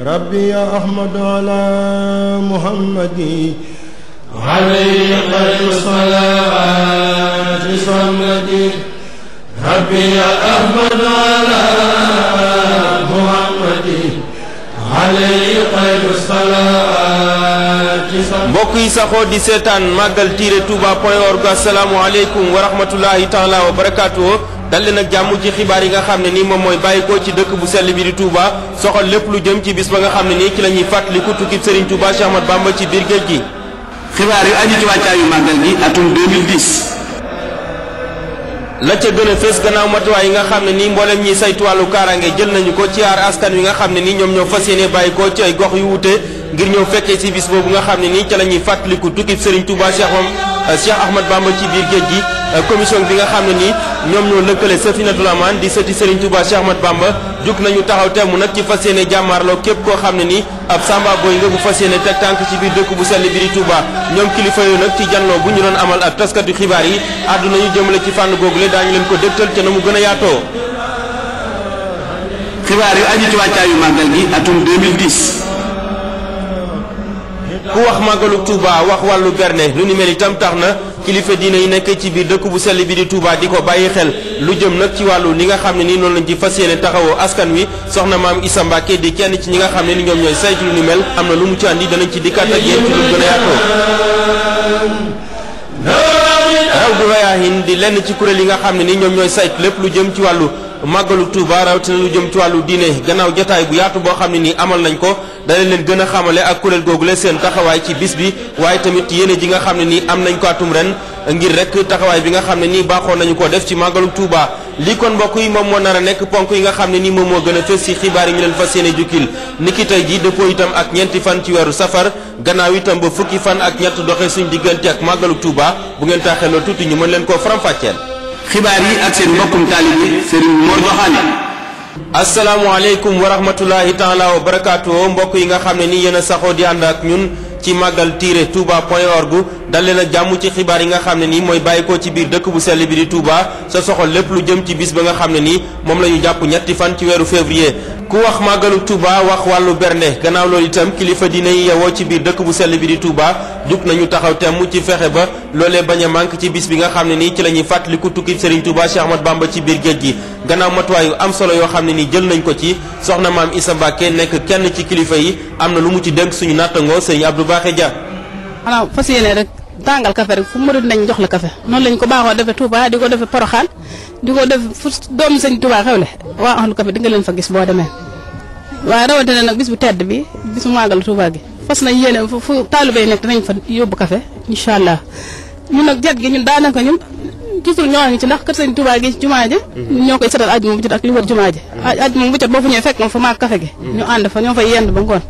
rabbi ya ahmadu ala muhammadi alayhi xayru salaati samlati rabbi ya ahmadu ala muhammadi alayhi xayru salaati samlati mbokk yi saxoo di seetaan màggal tiire touba point org asalaamu aleykum wa rahmatullahi taala wa barakaatu dal leen ak jàmm ci xibaar yi nga xam ne ni moom mooy bàyyi ko ci dëkk bu sell bi di Touba soxal lépp lu jëm ci bis ba nga xam ne nii ci la ñuy fàttaliku tukkib Serigne Bamba ci biir géej gi. xibaar yu aju ci wàccaayu màggal gi atum 2010. la ca gën a fees gannaaw matuwaay yi nga xam ne nii mboolem ñi saytu wàllu kaaraange jël nañu ko ci aar askan wi nga xam ne nii ñoom ñoo fas yéene bàyyi ko ci ay gox yu wute ngir ñëw fekkee si boobu nga xam ne nii ca la ñuy fàttaliku tukkib Serigne Touba Cheikh Ahmad Bamba ci biir géej gi Euh, commission bi nga xam ne ni ñoom ñoo lëkkale Safinatul Amaan di sëti Serigne Touba Cheikh Bamba jug nañu taxaw temm nag ci fas yéene jàmmaarloo képp koo xam ne nii ab samba boy nga bu fas yéene teg tànk ci biir dëkk bu sell bi di Touba ñoom kilifa yooyu nag ci janloo bu ñu doon amal ak taskatu xibaar yi ñu nañu jëmale ci fànn googule daañu leen ko dégtal ca na mu gën a yaatoo xibaar yu aju ci wàccaayu màggal gi atum 2010 ku wax màggalu Touba wax wàllu berne lu ni mel itam tax na kilifa diine yi nekk ci biir dëkk bu sell bi di Touba di ko bàyyi xel lu jëm nag ci wàllu li nga xam ne ni noonu lañ ci fas yéene taxawoo askan wi soxna maam Issa Mbacke di kenn ci ñi nga xam ne ni ñoom ñooy saytu lu ni mel am na lu mu ci andi danañ ci dikkaat ak yéen ci lu gën a raw du rayaahin di lenn ci kuréel yi nga xam ne ni ñoom ñooy saytu lépp lu jëm ci wàllu màggalu Touba rawatina lu jëm ci wàllu diine gannaaw jataay bu yaatu boo xam ne ni amal nañ ko dana leen gën xamale ak kuréel googu la seen taxawaay ci bis bi waaye tamit yéene ji nga xam ne ni am nañ ko atum ren ngir rek taxawaay bi nga xam ne nii baaxoo nañu ko def ci màggalu Touba lii kon mbokk yi moom moo nar a nekk ponk yi nga xam ne ni moom moo gën a fës ci xibaar yi ñu leen fas yéene jukkil niki tey ji dëppoo itam ak ñeenti fan ci weeru safar gannaaw itam ba fukki fan ak ñett doxee suñ diggante ak màggalu Touba bu ngeen taaxee loolu tuuti ñu mën leen koo faram-fàcceel xibaar yi ak seen mbokkum taalib yi Serigne Mor Doxaane asalaamaaleykum wa rahmatulahi taala wa barakaatu mbokk yi nga xam ne ni yéen a saxoo di ànd ak ñun ci màggal tiire touba point org dal leen jàmm ci xibaar yi nga xam ne nii mooy bàyyikoo ci biir dëkk bu sell bi di Touba sa soxal lépp lu jëm ci bis ba nga xam ne nii moom la jàpp ñetti fan ci weeru février ku wax màggalu Touba wax wàllu bernde gannaaw loolu itam kilifa diine yi yewoo ci biir dëkk bu sell bi di Touba jug nañu taxaw temm ci fexe ba loolee bañ manque ci bis bi nga xam ne nii ci la ñuy fàttaliku tukki Serigne Touba Cheikh Ahmad Bamba ci biir géej gi gannaaw matuwaay am solo yoo xam ne nii jël nañ ko ci soxna maam Issa Mbacké nekk kenn ci kilifa yi am na lu mu ci dénk suñu nattango Serigne Abdou Bakhe Dia tàngal kafe rek fu murid nañ jox la kafe noonu lañ ko baaxoo defee Touba di ko defee Poroxaan di ko def fu doomu sëñ Touba xewle waa ahlu kafe di nga leen fa gis boo demee waaye rawatina nag bis bu tedd bi bis bu màggal Touba gi fas nañ yéene fu fu taalibe yi nekk danañ fa yóbbu kafe incha allah ñun nag jet gi ñun daanaka ñun toujours ñoo ngi ci ndax kër sëñ Touba gi jumaa ji ñoo koy setal ajuma bu jot ak li wër jumaa ji mm-hmm. ajuma boo fu ñëwee fekk moom fa maag kafe gi mm-hmm. ñu ànd fa ñoo fa yend ba ngoon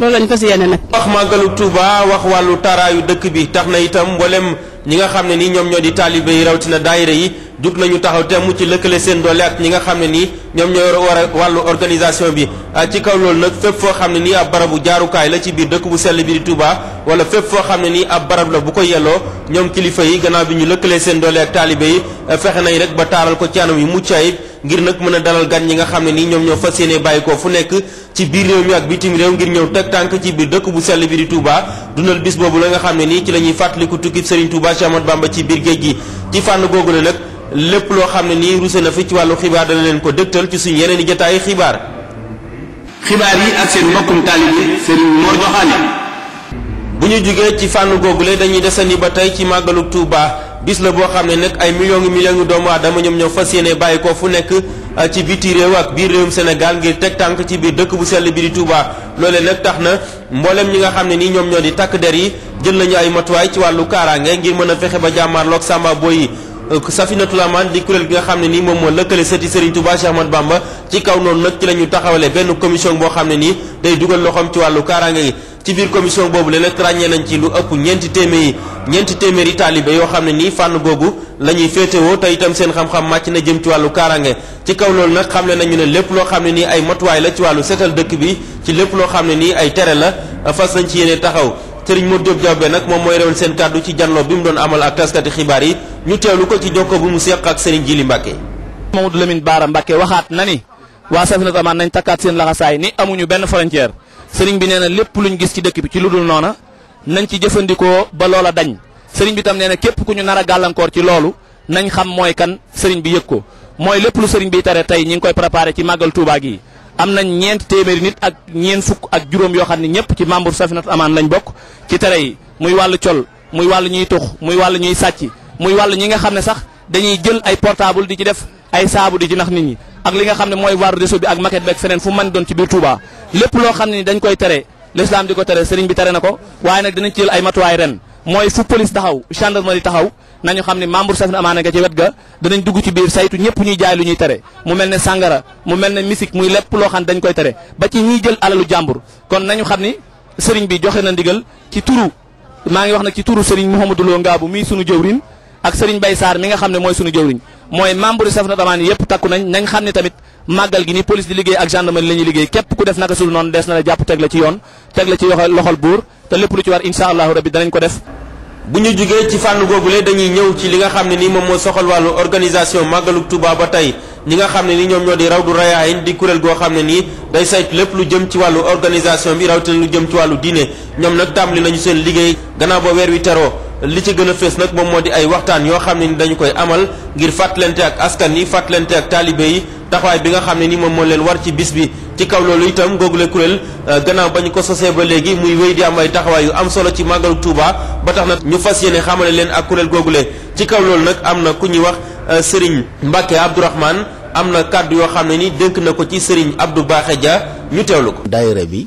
loolu lañ fas yéene nag. wax màggalu Touba wax wàllu taaraayu dëkk bi tax na itam mboolem ñi nga xam ne nii ñoom ñoo di taalibe yi rawatina daayira yi jug nañu taxaw te mu ci lëkkale seen doole ak ñi nga xam ne nii ñoom ñoo war a wàllu organisation bi ah, ci kaw loolu nag fépp foo xam ne nii ab barabu jaarukaay la ci biir dëkk bu sell bi di Touba wala fépp foo xam ne ni ab barab la bu ko yelloo ñoom kilifa yi gannaaw bi ñu lëkkale seen doole ak taalibe fexe nañ rek ba taaral ko ci anam mucc ayib ngir nag mën a dalal gan ñi nga xam ne nii ñoom ñoo fas yéene bàyyi ko fu nekk ci biir réew mi ak bitim réew ngir ñëw teg tànk ci biir dëkk bu sell bi di Touba dundal bis boobu la nga xam ne nii ci la ñuy fàttaliku tukki Serigne Touba Cheikh Ahmadou Bamba ci biir géej gi ci fànn googu la nag lépp loo xam ne nii ruuse na fi ci wàllu xibaar dana leen ko dëgtal ci suñu yeneen i jotaayu xibaar. xibaar yi ak seen mbokkum taalibe Serigne Mor Joxaane bu ñu jugee ci fànn googule dañuy desandi ba tey ci màggalu Touba bis la boo xam ne nag ay millions ngi millions ngi doomu ñoom ñoo fas yéene bàyyi ko fu nekk ah, ci biti réew ak biir réewum Sénégal ngir teg tànk ci biir dëkk bu sell bi di Touba. loole nag tax na mboolem ñi nga xam ne nii ñoom ñoo di takk der yi jël nañu ay matuwaay ci wàllu kaaraange ngir mën a fexe ba jàmmaarloog Samba Boy yi. Euh, Safinatul Aman di kuréel gi nga xam ne nii moom moo lëkkale sëti Serigne Touba Cheikh Ahmad Bamba ci kaw noonu nag ci la ñu taxawale benn commission boo xam ne nii day dugal loxoom ci wàllu kaaraange gi ci biir commission boobu léeg-léeg ràññee nañ ci lu ëpp ñeenti téeméeri ñeenti téeméeri taalibe yoo xam ne ni fànn googu la ñuy féetewoo te itam seen xam-xam màcc na jëm ci wàllu kaaraange ci kaw loolu nag xam xamle nañu ne lépp loo xam ne nii ay matuwaay la ci wàllu setal dëkk bi ci lépp loo xam ne nii ay tere la a fas nañ ci yéene taxaw Sëriñ Modou Diop Diawbe nag moom mooy réewal seen kàddu ci janloo bi mu doon amal ak taskati xibaar yi ñu lu ko ci jokko bu mu seq ak Sëriñ Jili Mbàkke Mamadou Lamine Baara Mbàkke waxaat na ni waa Safinatul Amaan nañ takkaat seen laxasaay ni amuñu benn frontière sëriñ bi nee na lépp luñ gis ci dëkk bi ci lu dul noona nañ ci jëfandikoo ba loola dañ sëriñ bi tam nee na képp ku ñu nar a gàllankoor ci loolu nañ xam mooy kan sëriñ bi yëg ko mooy lépp lu sëriñ bi tere tey ñi ngi koy préparé ci màggal Touba gi am nañ ñeent téeméeri nit ak ñeent fukk ak juróom yoo xam ne ñëpp ci membre Safinatul Amaan lañu bokk ci tere yi muy wàll col muy wàll ñuy tux muy wàll ñuy sàcc muy wàllu ñi nga xam ne sax dañuy jël ay portable di ci def ay saabu di ci nax nit ak li nga xam ne mooy war réseau bi ak maquette beeg feneen doon ci biir lépp loo xam ne dañ koy tere l'islam di ko tere sëriñ bi tere na ko waaye nag dinañ ci jël ay matuwaay ren mooy fu police taxaw gendarmerie taxaw nañu xam ne membre Safina Amaana nga ci wet ga danañ dugg ci biir saytu ñëpp ñuy jaay lu ñuy tere mu mel ne sàngara mu mel ne misik muy lépp loo xam ne dañ koy tere ba ci ñiy jël alalu jàmbur kon nañu xam ni sëriñ bi joxe na ndigal ci turu maa ngi wax nag ci turu sëriñ Mouhamadou Lo Ngaabu mii sunu jëwriñ ak sëriñ Bay saar mi nga xam ne mooy sunu jëwriñ mooy membre Safina Amaana yëpp takku nañ nañ xam ne tamit màggal gi ni police di liggéey ak gendarmerie la ñuy liggéey képp ku def naka sul noonu des na la jàpp teg la ci yoon teg la ci loxol buur te lépp lu ci war insha allahu rabbi danañ ko def bu ñu jugee ci fànn googule dañuy ñëw ci li nga xam ne ni moom moo soxal wàllu organisation màggalu Touba ba tey ñi nga xam ne ni ñoom ñoo di raw du rayaayin di kuréel goo xam ne nii day sayt lépp lu jëm ci wàllu organisation bi raw rawatina lu jëm ci wàllu dine ñoom nag tàmbali nañu seen liggéey gannaaw ba weer wi teroo li ci gën a fees nag moom moo di ay waxtaan yoo xam ne ni dañu koy amal ngir fàttalante ak askan yi fàttalante ak taalibe yi taxawaay bi nga xam ne nii moom moo leen war ci bis bi ci kaw loolu itam googule kuréel euh, gannaaw ba ñu ko sosee ba léegi muy wéy di am ay taxawaay yu am solo ci màggalu Touba ba tax na ñu fas yéene xamale leen ak kuréel googule ci kaw loolu nag am na ku ñuy wax euh, sëriñ Mbacke Abdourahmane am na kàddu yoo xam ne ni dénk na ko ci Serigne Abdou Baaxe Dia ñu teewlu ko. daayira bi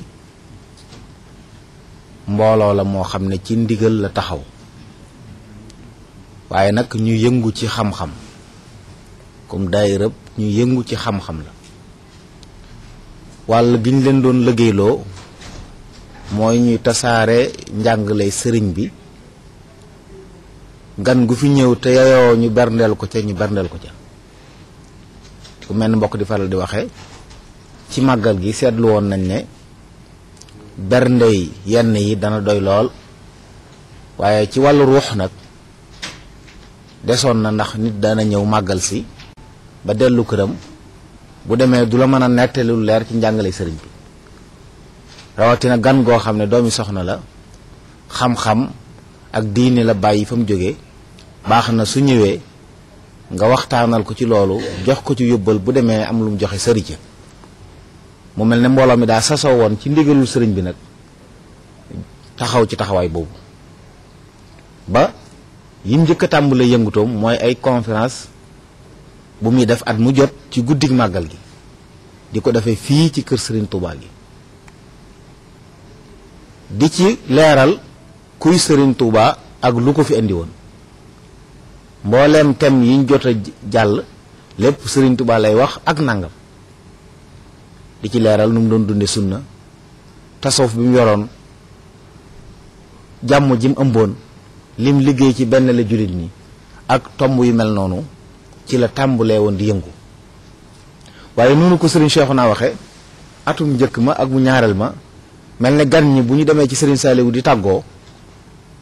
mbooloo la moo xam ne ci ndigal la taxaw. waaye nag ñu yëngu ci xam-xam comme daayira ñu yëngu ci xam-xam la wàll gi ñu leen doon liggéeyloo mooy ñuy tasaare njàngale sëriñ bi gan gu fi ñëw te yayoo ñu berndeel ko ca ñu berndeel ko ca ku mel ni mbokk di faral di waxe ci màggal gi seetlu woon nañ ne bernde yi yenn yi dana doy lool waaye ci wàllu ruux nag desoon na ndax nit daana ñëw màggal si ba dellu këram bu demee du la mën a nettali leer ci njàngale sëriñ bi rawatina gan goo xam ne doomi soxna la xam-xam ak diine la bàyyi fa mu jóge baax na su ñëwee nga waxtaanal ko ci loolu jox ko ci yóbbal bu demee am lu mu joxe sëriñ ca mu mel ne mbooloo mi daa sasoo woon ci ndigalul sëriñ bi nag taxaw ci taxawaay boobu ba yi njëkk a tàmbalee yëngutoom mooy ay conférence bu muy def at mu jot ci guddig màggal gi di ko defee fii ci kër Serigne Touba gi di ci leeral kuy sëriñ Touba ak lu ko fi indi woon mbooleem thème yiñ jot a jàll lépp sëriñ Touba lay wax ak nangam di ci leeral nu mu doon dunde sunna tasawuf bi mu yoroon jàmm ji mu ëmboon lim liggéey ci benn la jullit ñi ak tomb yu mel noonu ci la tàmbulee woon di yëngu waaye noonu ko sëriñ Cheikh naa waxe atum njëkk ma ak mu ñaareel ma mel ne gan ñi bu ñu demee ci sëriñ Saliou di tàggoo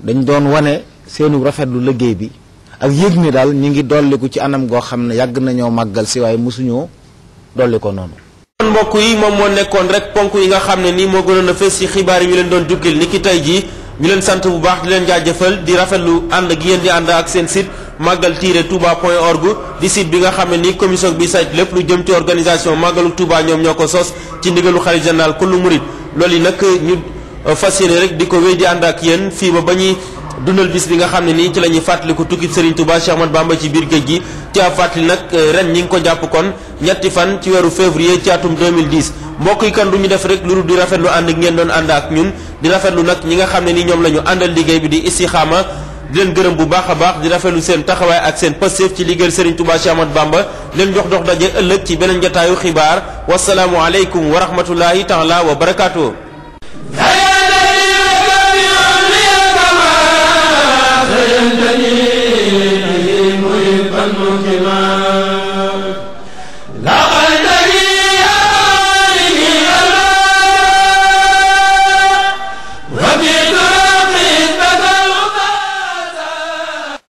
dañ doon wane seenu rafetlu liggéey bi ak yëg ni daal ñu ngi dolliku ci anam goo xam ne yàgg nañoo màggal si waaye mosuñoo dolli ko noonu kon mbokk yi moom moo nekkoon rek ponk yi nga xam ne nii moo gënoon a fës ci xibaar yi leen doon jukkil ni ki jii di leen sant bu baax di leen jaajëfal di rafetlu ànd ak yéen di ànd ak seen sit màggal tiire touba point org di site bi nga xam ni commission bi sayt lépp lu jëm ci organisation màggalu tuuba ñoom ñoo ko sos ci ndigalu xalifa général kullu murid loolu yi nag ñu fas yéene rek di ko wéy di ànd ak yéen fii ba ba ñuy dundal bis bi nga xam ne nii ci lañuy ñuy fàttaliku tukkib Serigne Touba Cheikh Ahmad Bamba ci biir géej gi ci ab fàttali nag euh, ren ñi ngi ko jàpp kon ñetti fan ci weeru février ci atum 2010 mbokk yi kan du ñu def rek lu di rafetlu ànd ak ngeen doon ànd ak ñun di rafetlu nag ñi nga xam ne ni ñoom la ñu àndal liggéey bi di istixaama di leen gërëm bu baax baax di rafetlu seen taxawaay ak seen pësteef ci liggéeyal Serigne Touba Cheikh Ahmad Bamba leen jox jox daje ëllëg ci beneen jataayu xibaar wasalaamu aleykum wa rahmatullahi taala wa barakaatu